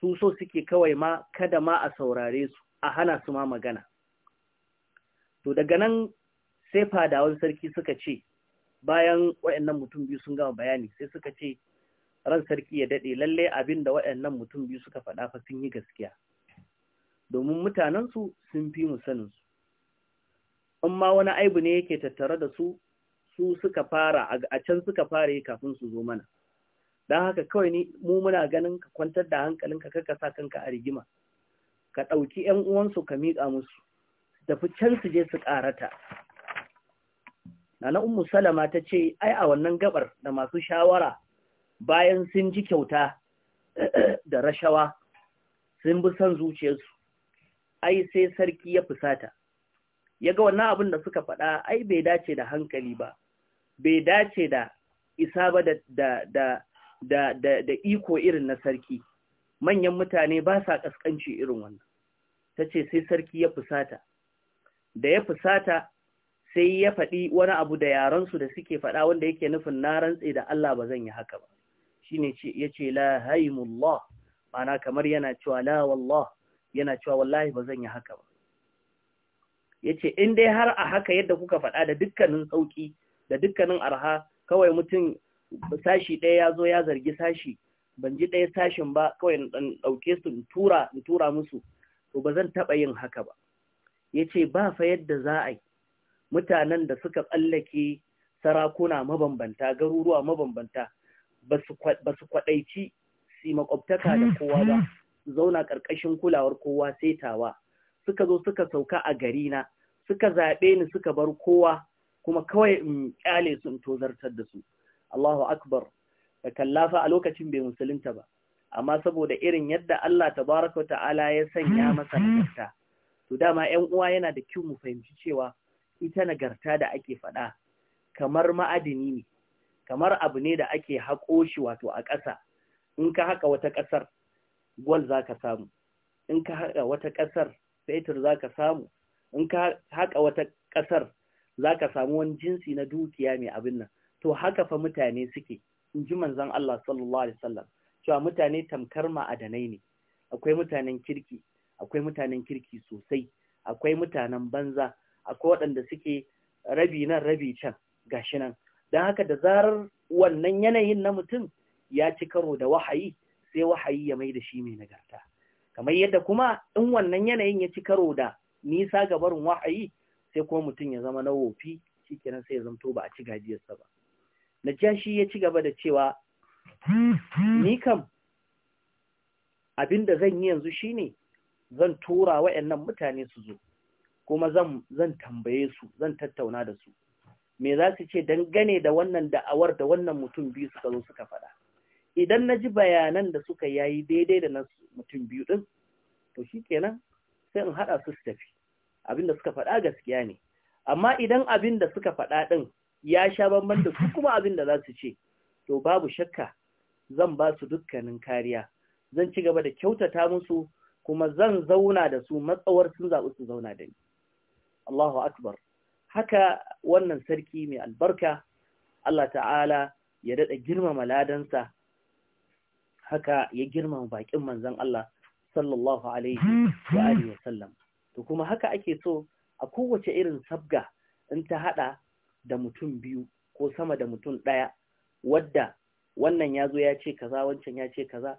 su so suke kawai ma kada ma a saurare su a hana su ma magana to daga nan sai fadawan sarki suka ce bayan waɗannan mutum biyu sun gama bayani sai suka ce ran sarki ya daɗe lallai abin da waɗannan mutum biyu suka faɗa fa sun yi gaskiya domin mutanensu sun fi mu saninsu in ma wani aibu ne yake tattare da su su suka fara a can suka fara yi kafin su zo mana Dan haka kawai ni mu muna ganin ka kwantar da hankalinka ka sa kanka a rigima ka ɗauki ‘yan uwansu ka miƙa musu tafi can su je su ƙarata Nana Ummu Salama ta ce, ai a wannan gabar da masu shawara bayan sun ji kyauta (clears throat) da rashawa sun bi son zuciyarsu, ai sai sarki ya fusata. Ya ga wannan abin da suka faɗa ai bai dace da hankali ba, bai dace da isa ba da iko irin na sarki. Manyan mutane ba sa ƙasƙanci irin wannan. Ta ce sai sarki ya fusata. Da ya fusata sai ya faɗi wani abu da yaransu da suke faɗa wanda yake nufin na rantse da Allah ba zan yi haka ba shi ne ya ce la haimullah ma'ana kamar yana cewa la wallah yana cewa wallahi ba zan yi haka ba ya ce in dai har a haka yadda kuka faɗa da dukkanin sauƙi da dukkanin arha kawai mutum sashi ɗaya ya zo ya zargi sashi ban ji ɗaya sashin ba kawai ɗan ɗauke su in tura in tura musu to ba zan taɓa yin haka ba ya ce ba fa yadda za a yi mutanen da suka tsallake sarakuna mabambanta garuruwa mabambanta ba su kwaɗaici su makwabtaka da mm-hmm. kowa ba su zauna ƙarƙashin kulawar kowa sai tawa. suka zo suka sauka a gari na suka zaɓe ni suka bar kowa kuma kawai in ƙyale su in tozartar da su Allahu akbar da kallafa a lokacin bai musulunta ba amma saboda irin yadda Allah tabaraka ta'ala ya sanya mm-hmm. masa nagarta to dama 'yan uwa yana da kyau mu fahimci cewa ita nagarta da ake faɗa kamar ma'adini ne kamar abu ne da ake haƙo shi wato a ƙasa in ka haƙa wata ƙasar gwal za ka samu in ka haƙa wata ƙasar fetur za ka samu in ka haƙa wata ƙasar za ka samu wani jinsi na dukiya mai abin nan to haka fa mutane suke in ji manzan Allah sallallahu alaihi wasallam cewa mutane tamkar ma'adanai ne akwai mutanen kirki akwai mutanen kirki sosai akwai mutanen banza akwai waɗanda suke rabi nan rabi can gashi nan don haka da zarar wannan yanayin na mutum ya ci karo da wahayi sai wahayi ya mai da shi mai nagarta kamar yadda kuma in wannan yanayin ya ci karo da nisa ga barin wahayi sai kuma mutum ya zama na wofi shi kenan sai ya zamto ba a ci gajiyarsa ba shi ya ci gaba da cewa ni kam abin da zan yi yanzu shine zan tura waɗannan mutane su zo kuma zan zan tambaye su zan tattauna da su me za su ce dangane da wannan da'awar da wannan mutum biyu suka zo suka faɗa idan na ji bayanan da suka yayi daidai da na mutum biyu din, to shi kenan sai in haɗa su su tafi abin da suka faɗa gaskiya ne amma idan abin da suka faɗa ɗin ya sha bamban da su kuma abin da za su ce to babu shakka zan ba su dukkanin kariya zan ci gaba da kyautata musu kuma zan zauna da su matsawar sun zaɓi su zauna da ni Allahu akbar haka wannan sarki mai albarka Allah ta'ala ya daɗa girmama ladansa haka ya girmama baƙin manzon Allah sallallahu alaihi wa alihi wa sallam to kuma haka ake so a kowace irin sabga in ta haɗa da mutum biyu ko sama da mutum ɗaya wadda wannan ya zo ya ce kaza wancan ya ce kaza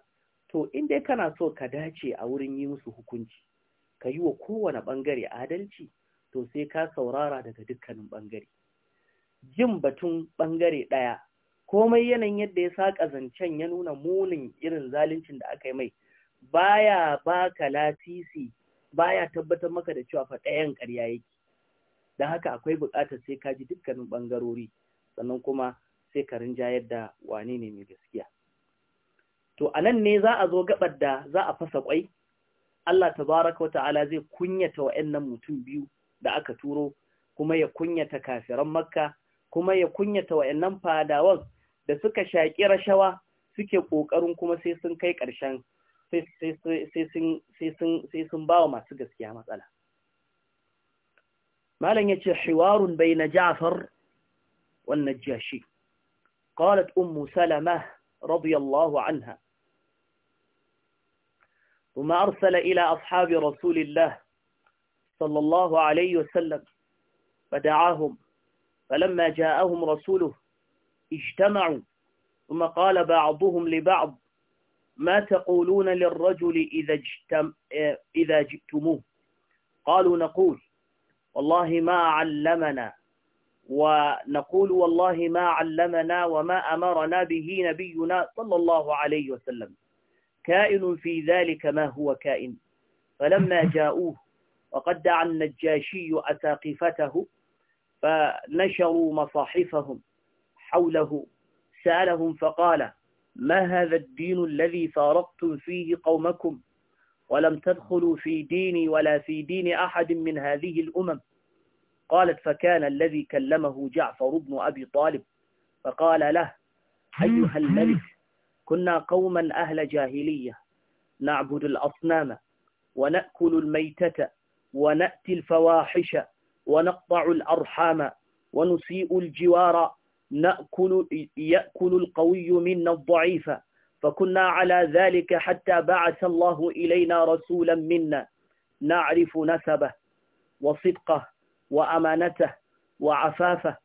to in dai kana so ka dace a wurin yi musu hukunci ka yi wa kowane ɓangare adalci to sai ka saurara daga dukkanin ɓangare. Jin batun ɓangare ɗaya, komai yanayin yadda ya saƙa zancen ya nuna munin irin zaluncin da aka yi mai, baya baka latisi baya tabbatar maka da cewa fa ɗayan ƙarya yake. Don haka akwai buƙatar sai ka ji dukkanin ɓangarori, sannan kuma sai ka rinjayar da wane ne mai gaskiya. To, a nan ne za a zo gaɓar da za a fasa ƙwai, Allah tabaraka wa ta'ala zai kunyata nan mutum biyu da aka turo kuma ya kunyata kafiran makka kuma ya kunyata wa'annan fadawan da suka shaƙi rashawa suke ƙoƙarin kuma sai sun kai ƙarshen sai sun ba wa masu gaskiya matsala malam ya ce hiwarun bai na jafar wannan jashi قالت ummu salama رضي anha عنها ثم أرسل إلى أصحاب صلى الله عليه وسلم فدعاهم فلما جاءهم رسوله اجتمعوا ثم قال بعضهم لبعض ما تقولون للرجل إذا, اجتم... إذا جئتموه قالوا نقول والله ما علمنا ونقول والله ما علمنا وما أمرنا به نبينا صلى الله عليه وسلم كائن في ذلك ما هو كائن فلما جاءوه وقد دعا النجاشي أساقفته فنشروا مصاحفهم حوله سألهم فقال ما هذا الدين الذي فارقتم فيه قومكم ولم تدخلوا في ديني ولا في دين أحد من هذه الأمم قالت فكان الذي كلمه جعفر بن أبي طالب فقال له أيها الملك كنا قوما أهل جاهلية نعبد الأصنام ونأكل الميتة ونأتي الفواحش ونقطع الأرحام ونسيء الجوار نأكل يأكل القوي منا الضعيف فكنا على ذلك حتى بعث الله إلينا رسولا منا نعرف نسبه وصدقه وأمانته وعفافه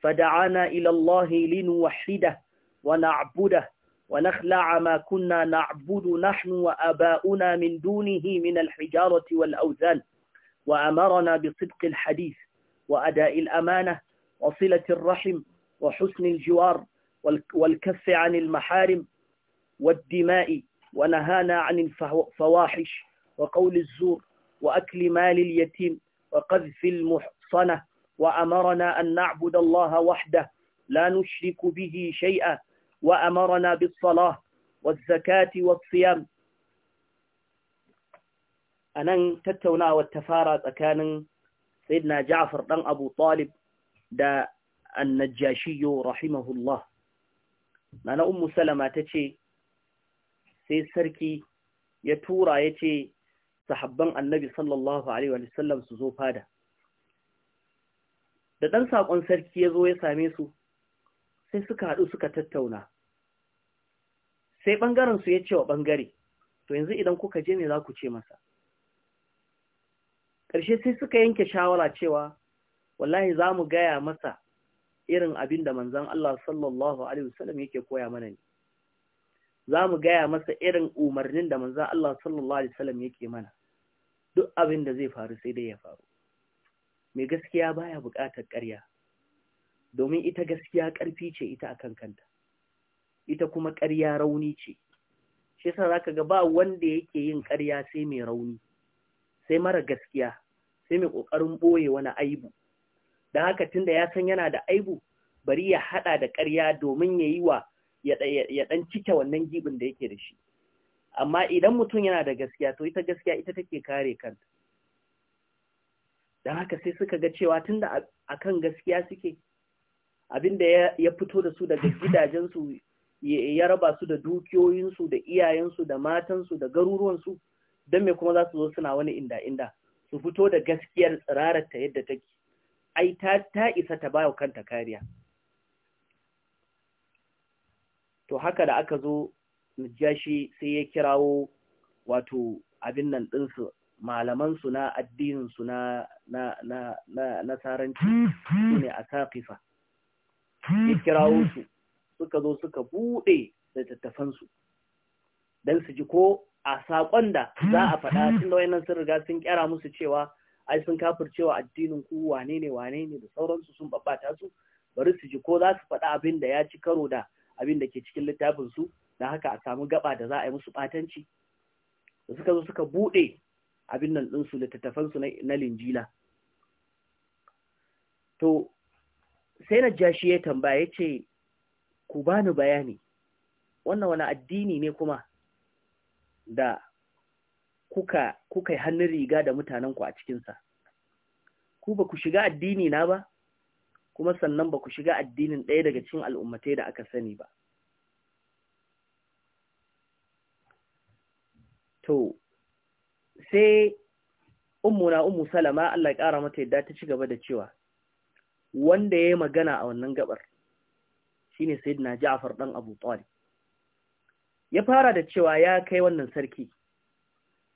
فدعانا إلى الله لنوحده ونعبده ونخلع ما كنا نعبد نحن وأباؤنا من دونه من الحجارة والأوثان وأمرنا بصدق الحديث وأداء الأمانة وصلة الرحم وحسن الجوار والكف عن المحارم والدماء ونهانا عن الفواحش وقول الزور وأكل مال اليتيم وقذف المحصنة وأمرنا أن نعبد الله وحده لا نشرك به شيئا وأمرنا بالصلاة والزكاة والصيام a nan tattaunawar ta fara tsakanin sayyidina ja'far ɗan abu talib da annajashiyo rahimahullah nana ummu salama ta ce sai sarki ya tura ya ce sahabban annabi sallallahu alaihi wasallam su zo fada da ɗan saƙon sarki ya zo ya same su sai suka haɗu suka tattauna sai ɓangarensu ya ce wa ɓangare to yanzu idan kuka je ne za ku ce masa ƙarshe sai suka yanke shawara cewa wallahi za mu gaya masa irin abin da manzan Allah sallallahu Alaihi wasallam yake koya mana ne za mu gaya masa irin umarnin da manzan Allah sallallahu Alaihi wasallam yake mana duk abin da zai faru sai dai ya faru mai gaskiya baya buƙatar ƙarya domin ita gaskiya ƙarfi ce ita akan kanta ita kuma ƙarya rauni ce shi yasa zaka ga ba wanda yake yin ƙarya sai mai rauni sai mara gaskiya sai mai ƙoƙarin ɓoye wani aibu da haka tun da ya san yana da aibu bari ya haɗa da ƙarya domin ya yi wa ya ɗan cike wannan gibin da yake da shi amma idan mutum yana da gaskiya to ita gaskiya ita take kare kanta don haka sai suka ga cewa tunda a kan gaskiya suke Abin da ya fito da su daga gidajensu ya raba su da dukiyoyinsu da iyayensu da matansu da garuruwansu don me kuma za su zo suna wani inda-inda su fito da gaskiyar tsirarar ta yadda take ai ta, isa ta bayo kanta kariya to haka da aka zo najashi sai ya kirawo wato abin nan ɗinsu malamansu na addininsu na na na na nasaranci su ne a saƙifa ya kirawo su suka zo suka buɗe littattafansu dan su ji ko a saƙon da za a hmm. faɗa tun da wayannan sun riga sun kyara musu cewa ai sun cewa addinin ku wane ne wane ne da sauransu sun babbata su bari su ji ko za su faɗa abin da ya ci karo da abin da ke cikin littafin su da haka a samu gaba da za a yi musu ɓatanci da suka zo suka buɗe abin nan ɗinsu littattafansu na linjila to sai na jashi ya tambaya ya ce ku bani bayani wannan wani addini ne kuma da kuka kuka hannun riga da mutanenku a cikinsa ku ba ku shiga addini na ba kuma sannan ba ku shiga addinin ɗaya daga cikin al'ummatai da aka sani ba to sai ummuna ummu salama Allah ya ƙara mata yadda ta ci gaba da cewa wanda ya yi magana a wannan gabar shine sayyidina Ja'far dan Abu Talib ya fara da cewa ya kai wannan sarki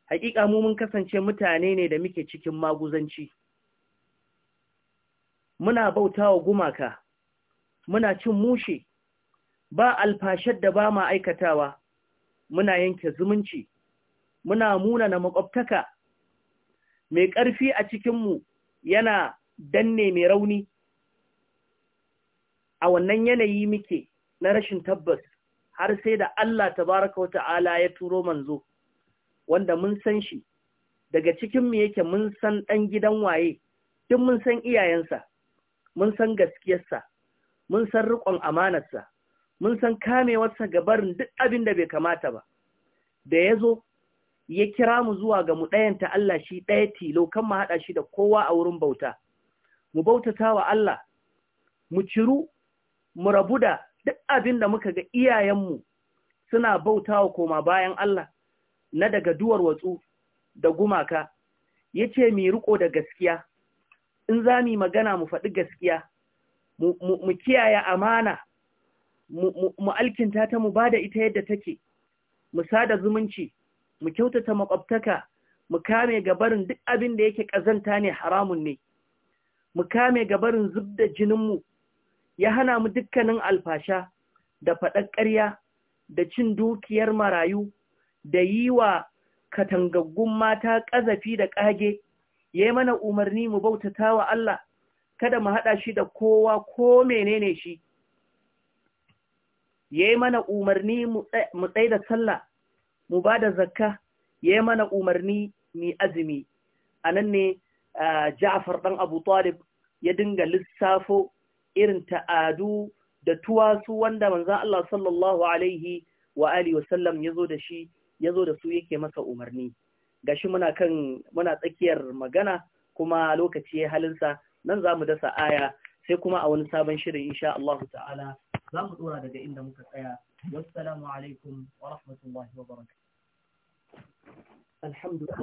hakika mu mun kasance mutane ne da muke cikin maguzanci muna bauta wa gumaka muna cin mushe ba alfashar da ba ma aikatawa muna yanke zumunci muna muna na makwabtaka mai ƙarfi a cikinmu yana danne mai rauni a wannan yanayi muke na rashin tabbas har sai da Allah tabaraka wa ta'ala ya turo manzo wanda mun san shi daga cikin mu yake mun san ɗan gidan waye duk mun san iyayensa mun san gaskiyarsa mun san riƙon amanarsa mun san kamewarsa ga barin duk abin da bai kamata ba da ya zo ya kira mu zuwa ga mu ɗayanta Allah shi ɗaya tilo kan mu haɗa shi da kowa a wurin bauta mu bautata wa Allah mu ciru mu rabu da duk abin da muka ga iyayenmu suna bautawa koma bayan Allah na daga duwar watsu da gumaka ya ce mi riko da gaskiya in za mu magana mu faɗi gaskiya mu kiyaye amana mu alkinta ta mu ba da ita yadda take mu sada zumunci mu kyautata makwabtaka mu kame gabarin duk abin da yake ƙazanta ne haramun ne mu kame gabarin zub da jininmu ya hana mu dukkanin alfasha da faɗar ƙarya da cin dukiyar marayu da yi wa katangaggun mata ƙazafi da ƙage ya mana umarni mu bautata wa Allah kada mu haɗa shi da kowa ko menene shi ya mana umarni mu tsaye da sallah mu ba da zakka ya mana umarni mai azumi a nan ne ah, ja'afar ɗan abu talib ya dinga lissafo irin ta'adu da tuwasu wanda manzan Allah sallallahu Alaihi wa Alihi wasallam ya zo da shi ya zo da su yake masa umarni. Gashi muna kan muna tsakiyar magana kuma lokaci ya halinsa nan za mu dasa aya sai kuma a wani sabon shirin insha Allah ta'ala za mu dora daga inda muka tsaya. Wassalamu alaikum wa rahmatullahi wa barakatuh.